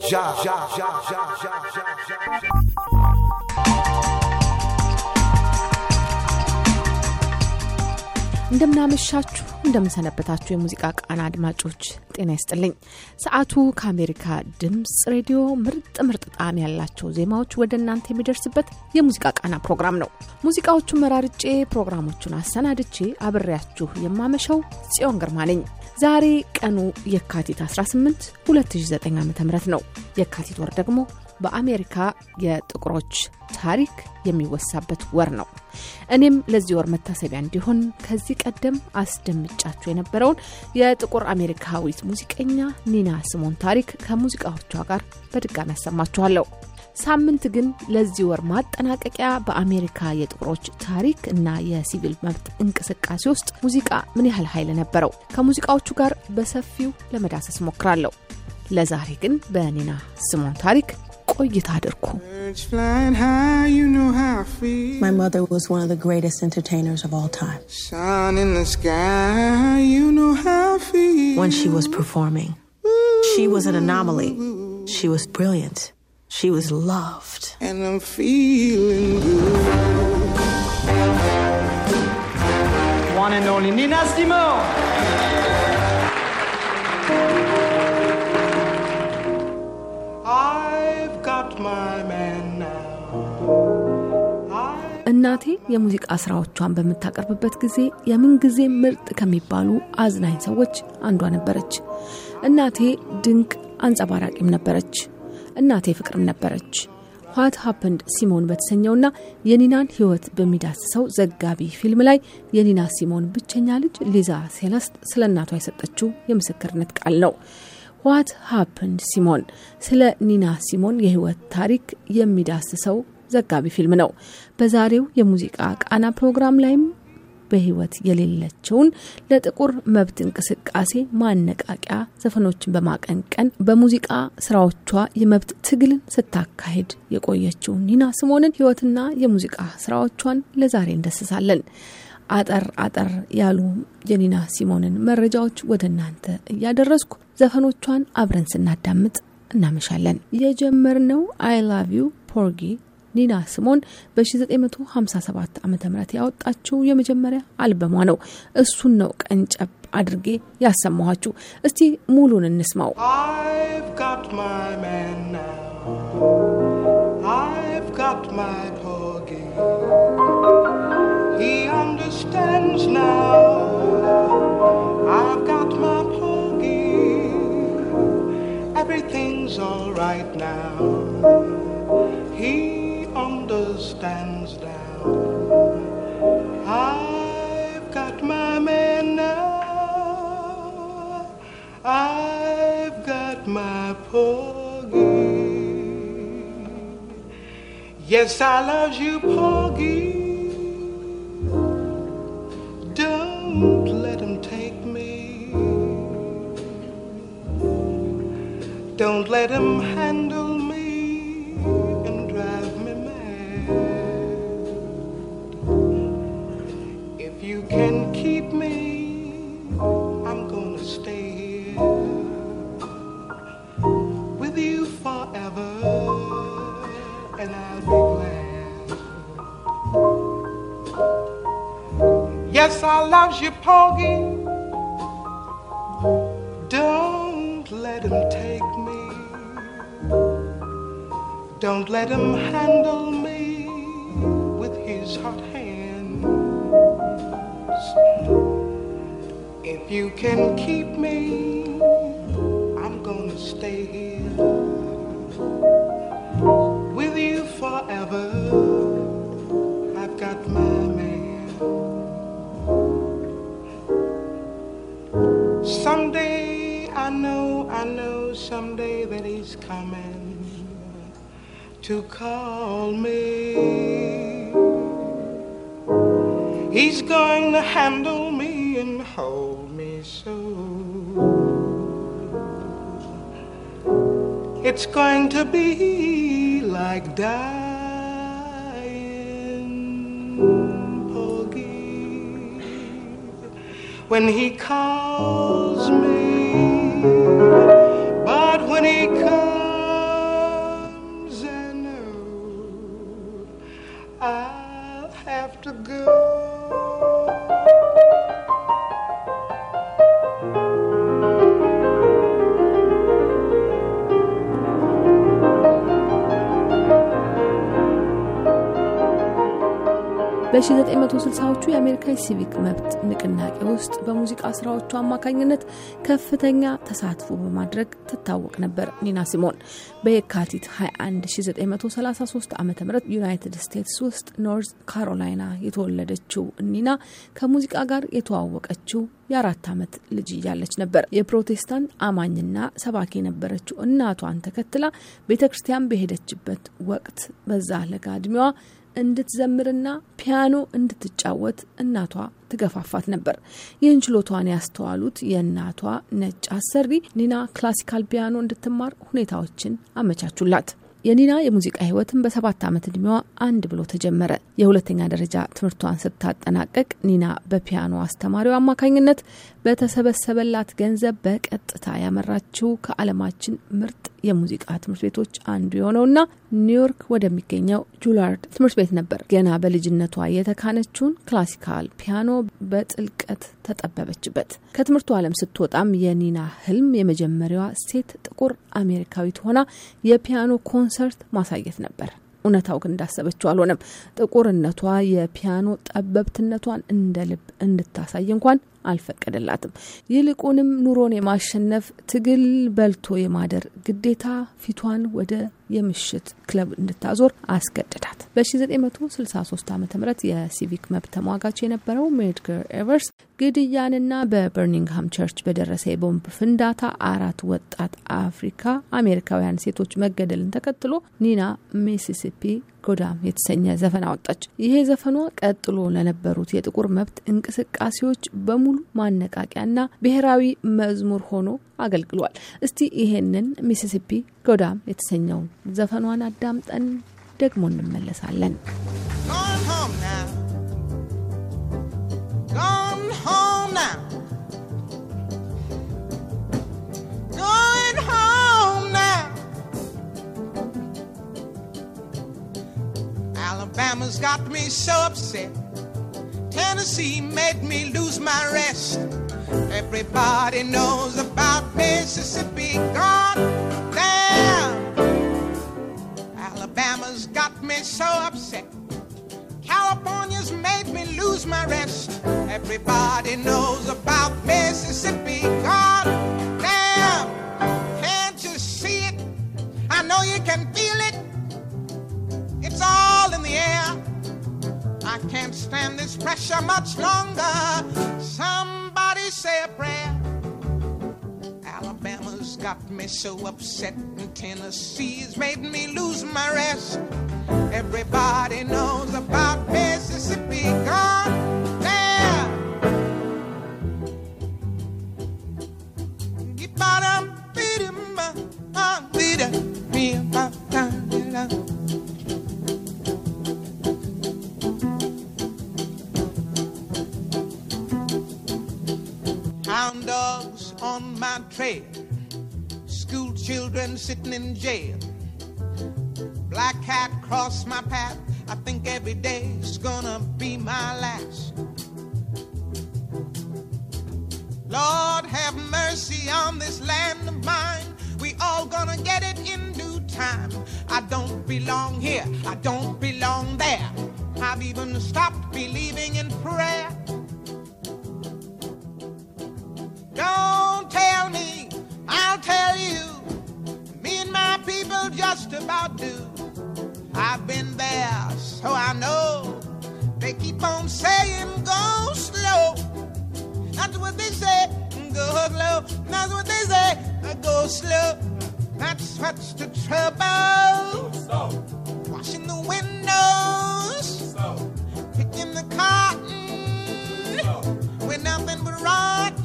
já, já, já, já, já, já, እንደምናመሻችሁ እንደምንሰነበታችሁ የሙዚቃ ቃና አድማጮች ጤና ይስጥልኝ። ሰዓቱ ከአሜሪካ ድምፅ ሬዲዮ ምርጥ ምርጥ ጣዕም ያላቸው ዜማዎች ወደ እናንተ የሚደርስበት የሙዚቃ ቃና ፕሮግራም ነው። ሙዚቃዎቹን መራርጬ ፕሮግራሞቹን አሰናድቼ አብሬያችሁ የማመሸው ጽዮን ግርማ ነኝ። ዛሬ ቀኑ የካቲት 18 2009 ዓ ም ነው። የካቲት ወር ደግሞ በአሜሪካ የጥቁሮች ታሪክ የሚወሳበት ወር ነው። እኔም ለዚህ ወር መታሰቢያ እንዲሆን ከዚህ ቀደም አስደምጫችሁ የነበረውን የጥቁር አሜሪካዊት ሙዚቀኛ ኒና ስሞን ታሪክ ከሙዚቃዎቿ ጋር በድጋሚ ያሰማችኋለሁ። ሳምንት ግን ለዚህ ወር ማጠናቀቂያ በአሜሪካ የጥቁሮች ታሪክ እና የሲቪል መብት እንቅስቃሴ ውስጥ ሙዚቃ ምን ያህል ኃይል ነበረው ከሙዚቃዎቹ ጋር በሰፊው ለመዳሰስ ሞክራለሁ። ለዛሬ ግን በኒና ስሞን ታሪክ ቆይታ አድርኩ። She was an anomaly. She was brilliant. She was loved. And I'm feeling good. One and only Nina Simone. እናቴ የሙዚቃ ስራዎቿን በምታቀርብበት ጊዜ የምንጊዜ ምርጥ ከሚባሉ አዝናኝ ሰዎች አንዷ ነበረች። እናቴ ድንቅ አንጸባራቂም ነበረች። እናቴ ፍቅርም ነበረች። ዋት ሀፕንድ ሲሞን በተሰኘውና የኒናን ሕይወት በሚዳስሰው ዘጋቢ ፊልም ላይ የኒና ሲሞን ብቸኛ ልጅ ሊዛ ሴለስት ስለ እናቷ የሰጠችው የምስክርነት ቃል ነው። ዋት ሀፕንድ ሲሞን ስለ ኒና ሲሞን የሕይወት ታሪክ የሚዳስሰው ዘጋቢ ፊልም ነው። በዛሬው የሙዚቃ ቃና ፕሮግራም ላይም በህይወት የሌለችውን ለጥቁር መብት እንቅስቃሴ ማነቃቂያ ዘፈኖችን በማቀንቀን በሙዚቃ ስራዎቿ የመብት ትግልን ስታካሄድ የቆየችው ኒና ስሞንን ህይወትና የሙዚቃ ስራዎቿን ለዛሬ እንደስሳለን። አጠር አጠር ያሉ የኒና ሲሞንን መረጃዎች ወደ እናንተ እያደረስኩ ዘፈኖቿን አብረን ስናዳምጥ እናመሻለን። የጀመርነው አይ ላቭ ዩ ፖርጊ ኒና ስሞን በ 957 ዓ ም ያወጣችው የመጀመሪያ አልበሟ ነው። እሱን ነው ቀንጨብ አድርጌ ያሰማኋችሁ። እስቲ ሙሉን እንስማው። Everything's all right now. Yes, I love you, Porgy. Don't let him take me. Don't let him handle If you can keep me, I'm gonna stay here with you forever. I've got my man. Someday I know, I know someday that he's coming to call me. He's going to handle It's going to be like dying Porgy when he calls me, but when he comes, I know I'll have to go. በ1960ዎቹ የአሜሪካ ሲቪክ መብት ንቅናቄ ውስጥ በሙዚቃ ስራዎቹ አማካኝነት ከፍተኛ ተሳትፎ በማድረግ ትታወቅ ነበር። ኒና ሲሞን በየካቲት 21 1933 ዓ ም ዩናይትድ ስቴትስ ውስጥ ኖርዝ ካሮላይና የተወለደችው ኒና ከሙዚቃ ጋር የተዋወቀችው የአራት ዓመት ልጅ እያለች ነበር። የፕሮቴስታንት አማኝና ሰባኪ የነበረችው እናቷን ተከትላ ቤተ ክርስቲያን በሄደችበት ወቅት በዛ ለጋ እድሜዋ እንድትዘምርና ፒያኖ እንድትጫወት እናቷ ትገፋፋት ነበር። ይህን ችሎቷን ያስተዋሉት የእናቷ ነጭ አሰሪ ኒና ክላሲካል ፒያኖ እንድትማር ሁኔታዎችን አመቻቹላት። የኒና የሙዚቃ ህይወትን በሰባት ዓመት እድሜዋ አንድ ብሎ ተጀመረ። የሁለተኛ ደረጃ ትምህርቷን ስታጠናቀቅ ኒና በፒያኖ አስተማሪው አማካኝነት በተሰበሰበላት ገንዘብ በቀጥታ ያመራችው ከዓለማችን ምርጥ የሙዚቃ ትምህርት ቤቶች አንዱ የሆነውና ኒውዮርክ ወደሚገኘው ጁላርድ ትምህርት ቤት ነበር። ገና በልጅነቷ የተካነችውን ክላሲካል ፒያኖ በጥልቀት ተጠበበችበት። ከትምህርቱ ዓለም ስትወጣም የኒና ህልም የመጀመሪያዋ ሴት ጥቁር አሜሪካዊት ሆና የፒያኖ ኮንሰርት ማሳየት ነበር። እውነታው ግን እንዳሰበችው አልሆነም። ጥቁርነቷ የፒያኖ ጠበብትነቷን እንደ ልብ እንድታሳይ እንኳን አልፈቀደላትም። ይልቁንም ኑሮን የማሸነፍ ትግል በልቶ የማደር ግዴታ ፊቷን ወደ የምሽት ክለብ እንድታዞር አስገድዳት። በ1963 ዓ ም የሲቪክ መብት ተሟጋች የነበረው ሜድገር ኤቨርስ ግድያንና በበርሚንግሃም ቸርች በደረሰ የቦምብ ፍንዳታ አራት ወጣት አፍሪካ አሜሪካውያን ሴቶች መገደልን ተከትሎ ኒና ሚሲሲፒ ጎዳም የተሰኘ ዘፈን አወጣች። ይሄ ዘፈኗ ቀጥሎ ለነበሩት የጥቁር መብት እንቅስቃሴዎች በሙሉ ማነቃቂያና ብሔራዊ መዝሙር ሆኖ አገልግሏል። እስቲ ይሄንን ሚሲሲፒ ጎዳም የተሰኘው ዘፈኗን አዳምጠን ደግሞ እንመለሳለን። Gone home now. Alabama's got me so upset. Tennessee made me lose my rest. Everybody knows about Mississippi. God damn. Alabama's got me so upset. California's made me lose my rest. Everybody knows about Mississippi. God I can't stand this pressure much longer. Somebody say a prayer. Alabama's got me so upset, and Tennessee's made me lose my rest. Everybody knows jail. slow. That's what they say. I go slow. That's what's the trouble. Slow. Washing the windows. Slow. Picking the cotton. Slow. We're nothing but rot.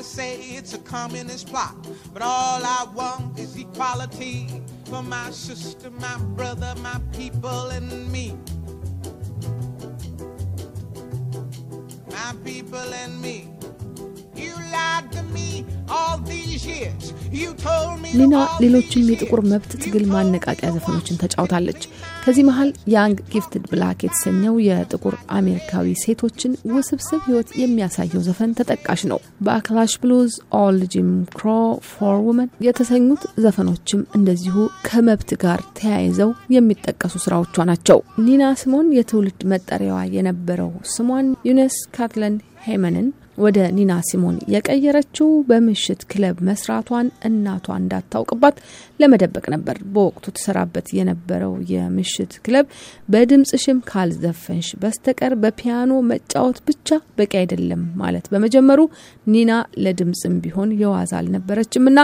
to say it's a communist plot, but all I want is equality for my sister, my brother, my people, and me. My people and me. ሊና ሌሎችም የጥቁር መብት ትግል ማነቃቂያ ዘፈኖችን ተጫውታለች። ከዚህ መሀል ያንግ ጊፍትድ ብላክ የተሰኘው የጥቁር አሜሪካዊ ሴቶችን ውስብስብ ሕይወት የሚያሳየው ዘፈን ተጠቃሽ ነው። በአክላሽ ብሉዝ፣ ኦል ጂም ክሮ፣ ፎር ውመን የተሰኙት ዘፈኖችም እንደዚሁ ከመብት ጋር ተያይዘው የሚጠቀሱ ስራዎቿ ናቸው። ሊና ስሞን የትውልድ መጠሪያዋ የነበረው ስሟን ዩነስ ካትለን ሄመንን ወደ ኒና ሲሞን የቀየረችው በምሽት ክለብ መስራቷን እናቷ እንዳታውቅባት ለመደበቅ ነበር። በወቅቱ ተሰራበት የነበረው የምሽት ክለብ በድምጽ ሽም ካልዘፈንሽ በስተቀር በፒያኖ መጫወት ብቻ በቂ አይደለም ማለት በመጀመሩ ኒና ለድምፅም ቢሆን የዋዛ አልነበረችም እና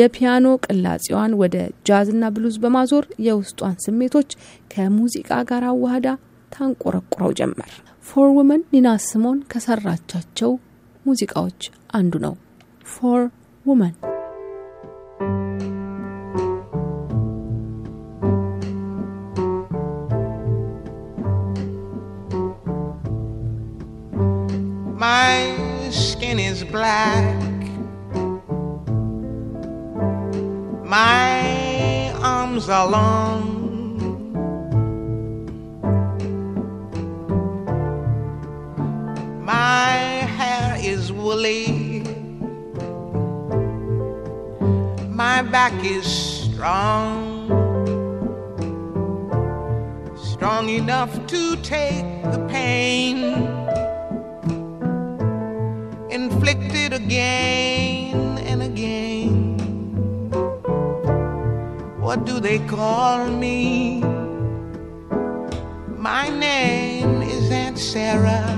የፒያኖ ቅላጼዋን ወደ ጃዝና ብሉዝ በማዞር የውስጧን ስሜቶች ከሙዚቃ ጋር አዋህዳ ታንቆረቁረው ጀመር። ፎር ውመን ኒና ሲሞን ከሰራቻቸው ሙዚቃዎች አንዱ ነው። ፎር ውመን My skin is black. My arms are long. enough to take the pain inflicted again and again. What do they call me? My name is Aunt Sarah.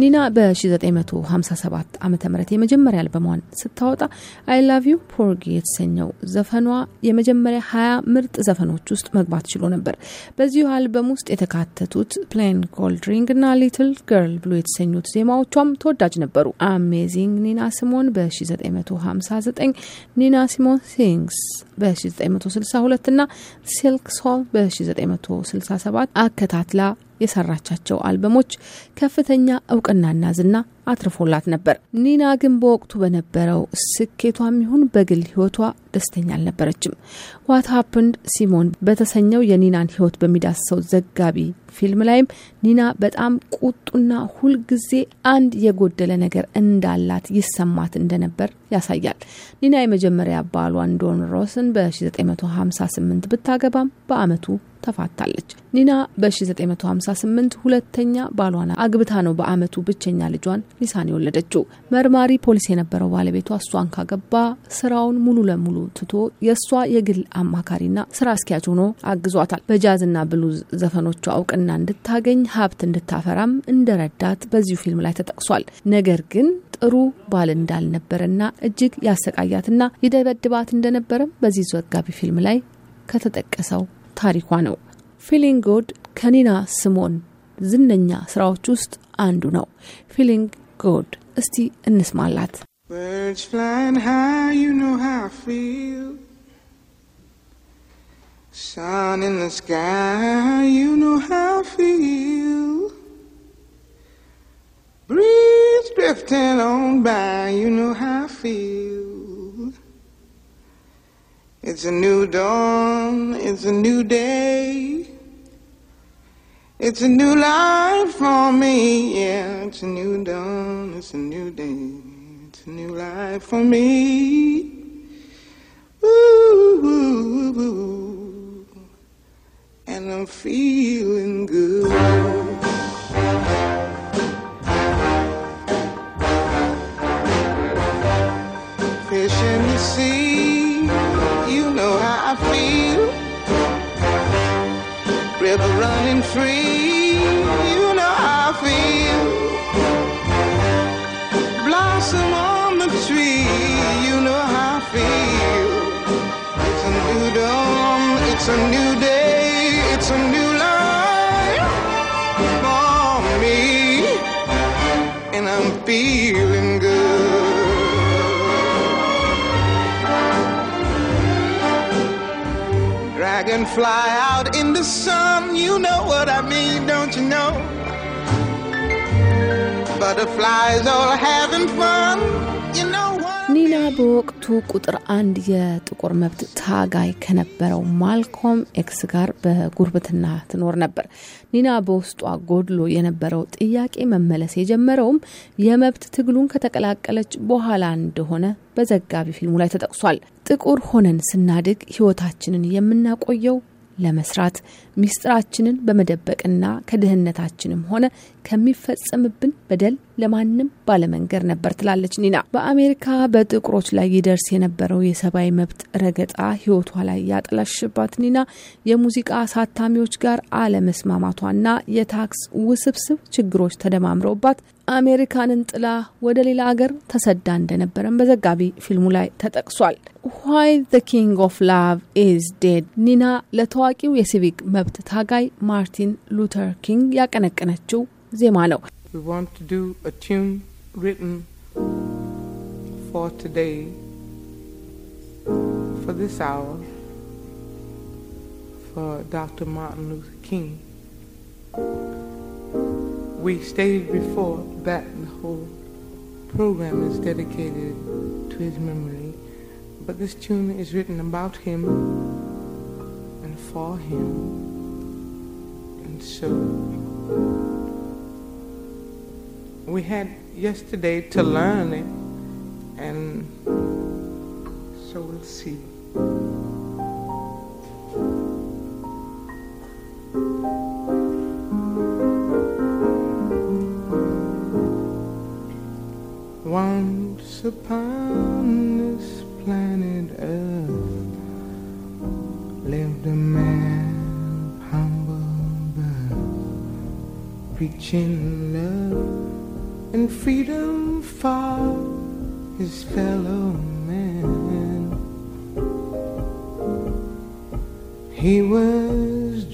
ኒና በ1957 ዓ ም የመጀመሪያ አልበሟን ስታወጣ አይ ላቭ ዩ ፖርጊ የተሰኘው ዘፈኗ የመጀመሪያ 20 ምርጥ ዘፈኖች ውስጥ መግባት ችሎ ነበር። በዚሁ አልበም ውስጥ የተካተቱት ፕላን ኮልድሪንግ እና ሊትል ገርል ብሎ የተሰኙት ዜማዎቿም ተወዳጅ ነበሩ። አሜዚንግ ኒና ሲሞን በ1959 ኒና ሲሞን ሲንግስ በ1962 እና ሲልክ ሶል በ1967 አከታትላ የሰራቻቸው አልበሞች ከፍተኛ እውቅናና ዝና አትርፎላት ነበር። ኒና ግን በወቅቱ በነበረው ስኬቷም ይሁን በግል ህይወቷ ደስተኛ አልነበረችም። ዋት ሀፕንድ ሲሞን በተሰኘው የኒናን ህይወት በሚዳስሰው ዘጋቢ ፊልም ላይም ኒና በጣም ቁጡና ሁልጊዜ አንድ የጎደለ ነገር እንዳላት ይሰማት እንደነበር ያሳያል። ኒና የመጀመሪያ ባሏን ዶን ሮስን በ1958 ብታገባም በአመቱ ተፋታለች። ኒና በ1958 ሁለተኛ ባሏን አግብታ ነው በአመቱ ብቸኛ ልጇን ሊሳን የወለደችው። መርማሪ ፖሊስ የነበረው ባለቤቷ እሷን ካገባ ስራውን ሙሉ ለሙሉ ትቶ የእሷ የግል አማካሪና ስራ አስኪያጅ ሆኖ አግዟታል። በጃዝና ብሉዝ ዘፈኖቿ እውቅና እንድታገኝ ሀብት እንድታፈራም እንደረዳት በዚሁ ፊልም ላይ ተጠቅሷል። ነገር ግን ጥሩ ባል እንዳልነበረና እጅግ ያሰቃያትና ይደበድባት እንደነበረም በዚህ ዘጋቢ ፊልም ላይ ከተጠቀሰው ታሪኳ ነው። ፊሊንግ ጉድ ከኒና ስሞን ዝነኛ ስራዎች ውስጥ አንዱ ነው። ፊሊንግ ጉድ እስቲ እንስማላት። Sun in the sky, you know how I feel. Breeze drifting on by, you know how I feel. It's a new dawn, it's a new day. It's a new life for me, yeah. It's a new dawn, it's a new day. It's a new life for me. Ooh, ooh, ooh, and I'm free. ቁጥር አንድ የጥቁር መብት ታጋይ ከነበረው ማልኮም ኤክስ ጋር በጉርብትና ትኖር ነበር። ኒና በውስጧ ጎድሎ የነበረው ጥያቄ መመለስ የጀመረውም የመብት ትግሉን ከተቀላቀለች በኋላ እንደሆነ በዘጋቢ ፊልሙ ላይ ተጠቅሷል። ጥቁር ሆነን ስናድግ ህይወታችንን የምናቆየው ለመስራት ሚስጥራችንን በመደበቅና ከድህነታችንም ሆነ ከሚፈጸምብን በደል ለማንም ባለመንገር ነበር ትላለች ኒና። በአሜሪካ በጥቁሮች ላይ ይደርስ የነበረው የሰብአዊ መብት ረገጣ ህይወቷ ላይ ያጠላሽባት ኒና የሙዚቃ አሳታሚዎች ጋር አለመስማማቷና የታክስ ውስብስብ ችግሮች ተደማምረውባት አሜሪካንን ጥላ ወደ ሌላ አገር ተሰዳ እንደነበረም በዘጋቢ ፊልሙ ላይ ተጠቅሷል። ዋይ ዘ ኪንግ ኦፍ ላቭ ኢዝ ዴድ ኒና ለታዋቂው የሲቪክ መብት ታጋይ ማርቲን ሉተር ኪንግ ያቀነቀነችው ዜማ ነው። for Dr. Martin Luther King. we stated before that the whole program is dedicated to his memory, but this tune is written about him and for him. And so we had yesterday to learn it, and so we'll see.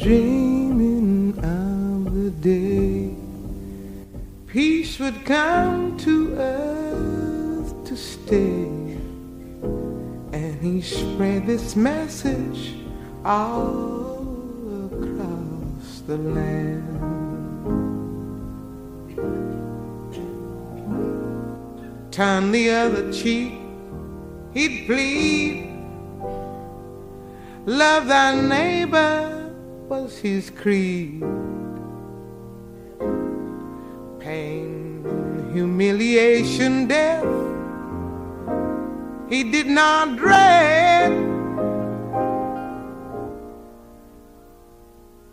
dreaming of the day peace would come to earth to stay. And he spread this message all across the land. Turn the other cheek, he'd plead. Love thy neighbor his creed. Pain, humiliation, death, he did not dread.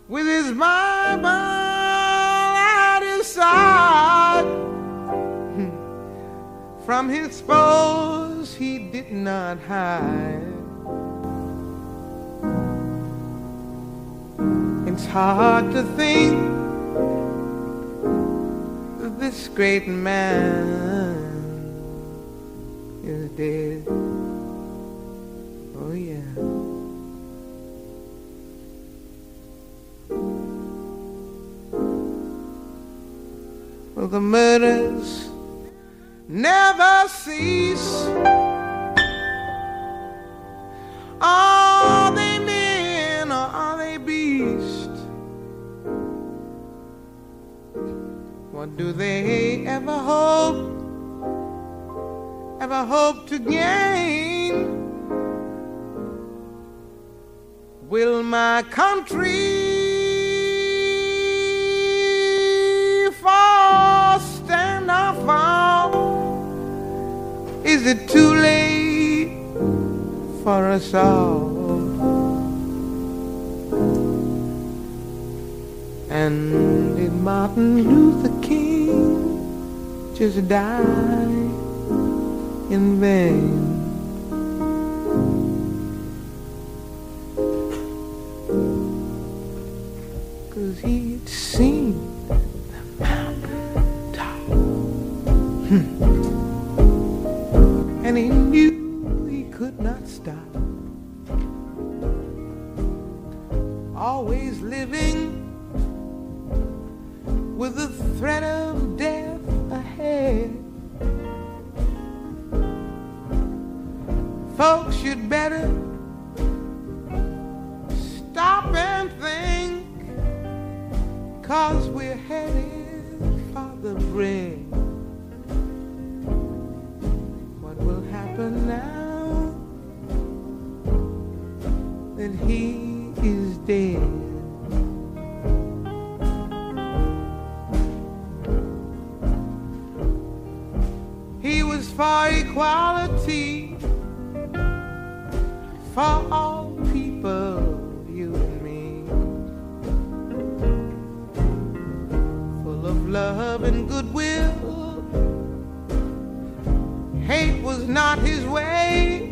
With his Bible at his side, hmm, from his foes he did not hide. hard to think that this great man is dead. Oh, yeah. Well, the murders never cease. do they ever hope, ever hope to gain? Will my country fall, stand or fall? Is it too late for us all? And did Martin Luther King? just die in vain. for equality for all people, you and me. Full of love and goodwill, hate was not his way.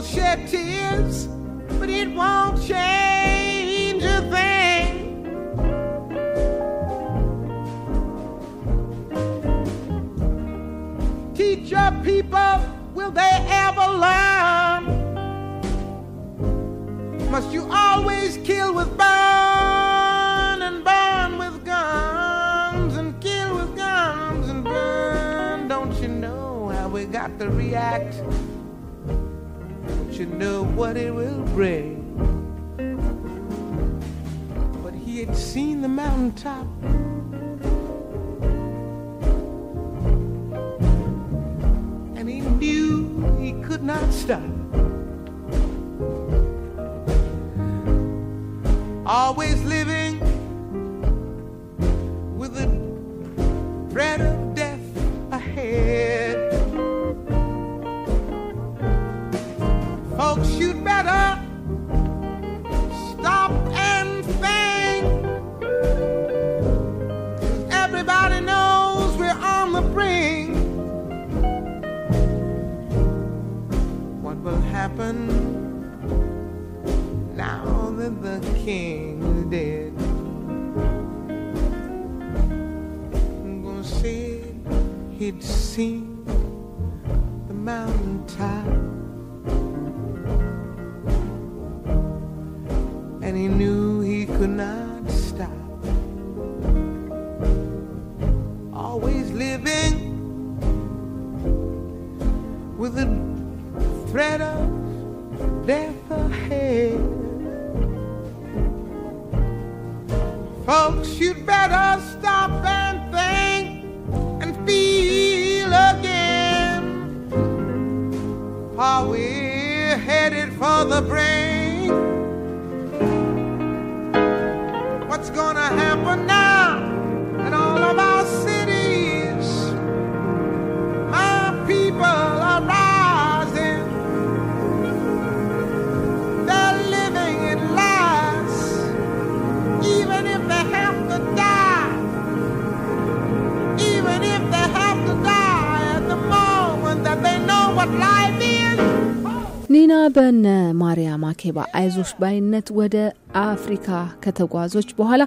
will shed tears, but it won't change a thing. Teach your people, will they ever learn? Must you always kill with burn and burn with guns and kill with guns and burn? Don't you know how we got to react? But you know what it will bring. But he had seen the mountaintop. And he knew he could not stop. Always living. mountain top, and he knew he could not stop. Always living with the threat of death. the brain. ቲና በነ ማሪያ ማኬባ አይዞሽ ባይነት ወደ አፍሪካ ከተጓዞች በኋላ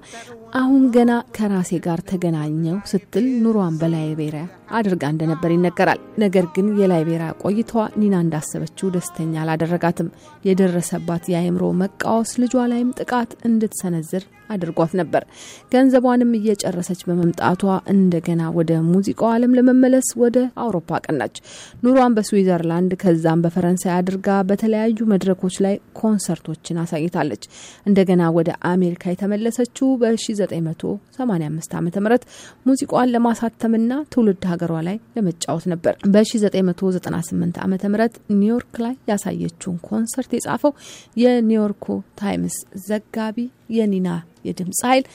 አሁን ገና ከራሴ ጋር ተገናኘው ስትል ኑሯን በላይቤሪያ አድርጋ እንደነበር ይነገራል። ነገር ግን የላይቤሪያ ቆይታዋ ኒና እንዳሰበችው ደስተኛ አላደረጋትም። የደረሰባት የአእምሮ መቃወስ ልጇ ላይም ጥቃት እንድትሰነዝር አድርጓት ነበር። ገንዘቧንም እየጨረሰች በመምጣቷ እንደገና ወደ ሙዚቃው ዓለም ለመመለስ ወደ አውሮፓ ቀናች። ኑሯን በስዊዘርላንድ ከዛም በፈረንሳይ አድርጋ በተለያዩ መድረኮች ላይ ኮንሰርቶችን አሳይታለች። እንደገና ወደ አሜሪካ የተመለሰችው በ 1985 ዓ ም ሙዚቋን ለማሳተምና ትውልድ ሀገሯ ላይ ለመጫወት ነበር። በ1998 ዓ ም ኒውዮርክ ላይ ያሳየችውን ኮንሰርት የጻፈው የኒውዮርኩ ታይምስ ዘጋቢ የኒና የድምፅ ኃይል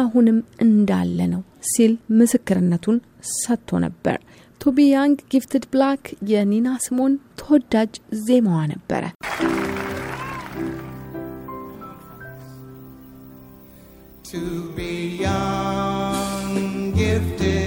አሁንም እንዳለ ነው ሲል ምስክርነቱን ሰጥቶ ነበር። ቱቢ ያንግ ጊፍትድ ብላክ የኒና ስሞን ተወዳጅ ዜማዋ ነበረ። to be young, gifted.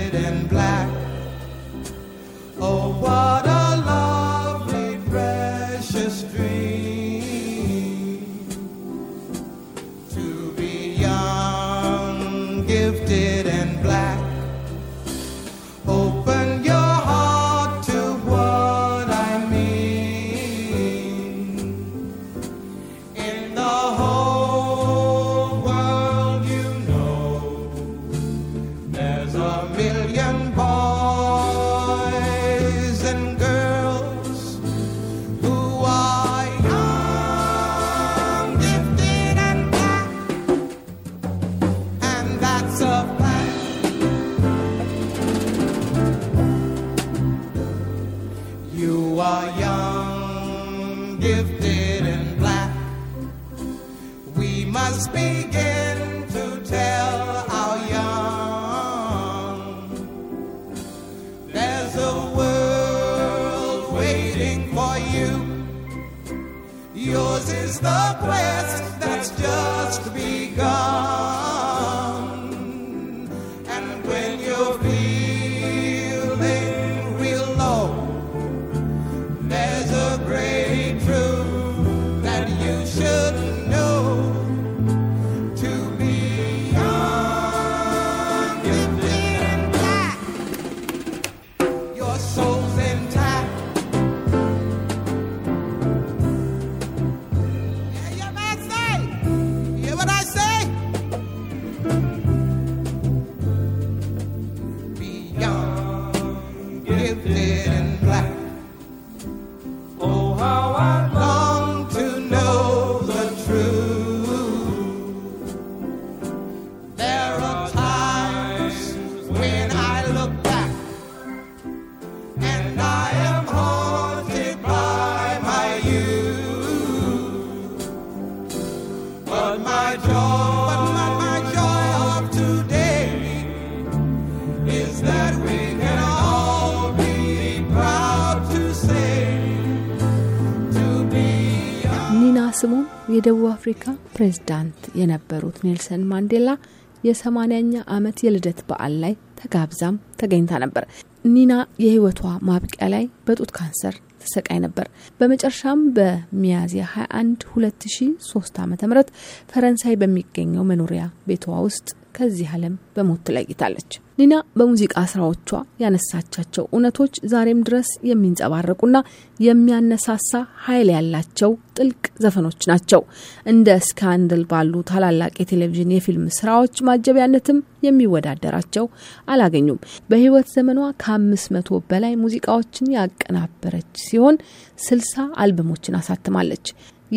የደቡብ አፍሪካ ፕሬዝዳንት የነበሩት ኔልሰን ማንዴላ የሰማንያኛ ዓመት የልደት በዓል ላይ ተጋብዛም ተገኝታ ነበር። ኒና የህይወቷ ማብቂያ ላይ በጡት ካንሰር ተሰቃይ ነበር። በመጨረሻም በሚያዝያ 21 2003 ዓ ም ፈረንሳይ በሚገኘው መኖሪያ ቤቷ ውስጥ ከዚህ ዓለም በሞት ትለይታለች። ኒና በሙዚቃ ስራዎቿ ያነሳቻቸው እውነቶች ዛሬም ድረስ የሚንጸባረቁና የሚያነሳሳ ኃይል ያላቸው ጥልቅ ዘፈኖች ናቸው። እንደ ስካንድል ባሉ ታላላቅ የቴሌቪዥን የፊልም ስራዎች ማጀቢያነትም የሚወዳደራቸው አላገኙም። በህይወት ዘመኗ ከአምስት መቶ በላይ ሙዚቃዎችን ያቀናበረች ሲሆን ስልሳ አልበሞችን አሳትማለች።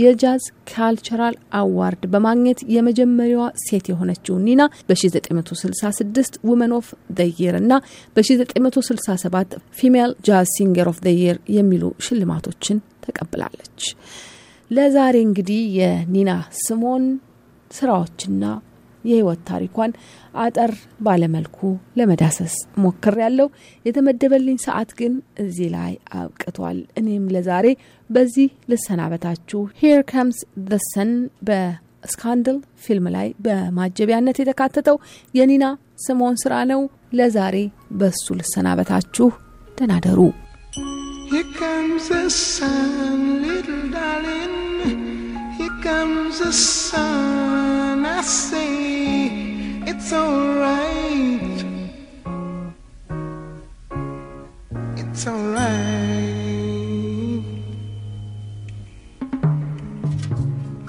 የጃዝ ካልቸራል አዋርድ በማግኘት የመጀመሪያዋ ሴት የሆነችው ኒና በ1966 ውመን ኦፍ ዘ የር እና በ1967 ፊሜል ጃዝ ሲንገር ኦፍ ዘ የር የሚሉ ሽልማቶችን ተቀብላለች። ለዛሬ እንግዲህ የኒና ስሞን ስራዎችና የህይወት ታሪኳን አጠር ባለመልኩ ለመዳሰስ ሞክር ያለው የተመደበልኝ ሰዓት ግን እዚህ ላይ አብቅቷል። እኔም ለዛሬ በዚህ ልሰናበታችሁ። ሄር ከምስ ዘ ሰን በስካንድል ፊልም ላይ በማጀቢያነት የተካተተው የኒና ስሞን ስራ ነው። ለዛሬ በሱ ልሰናበታችሁ። ደናደሩ Here comes the sun, little darling. comes the sun, I say it's alright. It's alright.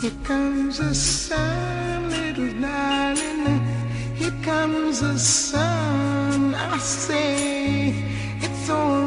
Here comes the sun, little darling. Here comes the sun, I say it's alright.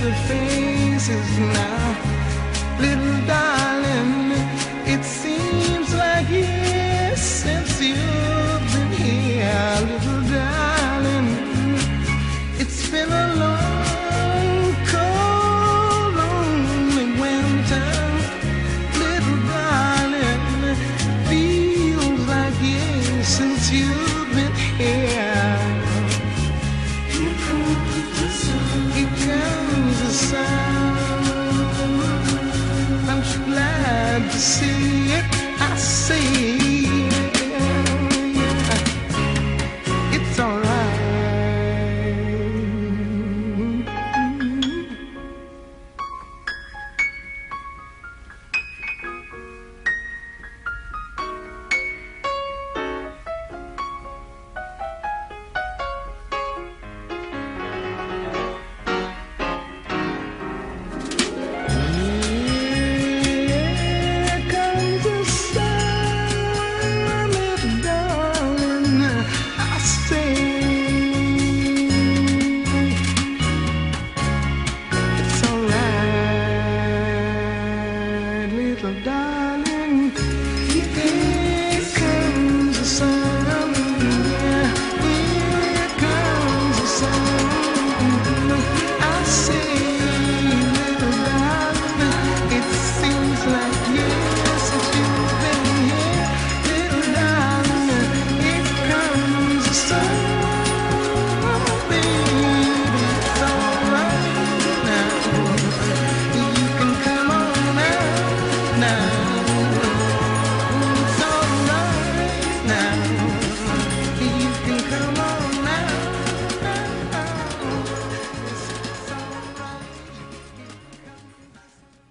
the faces now, little darling.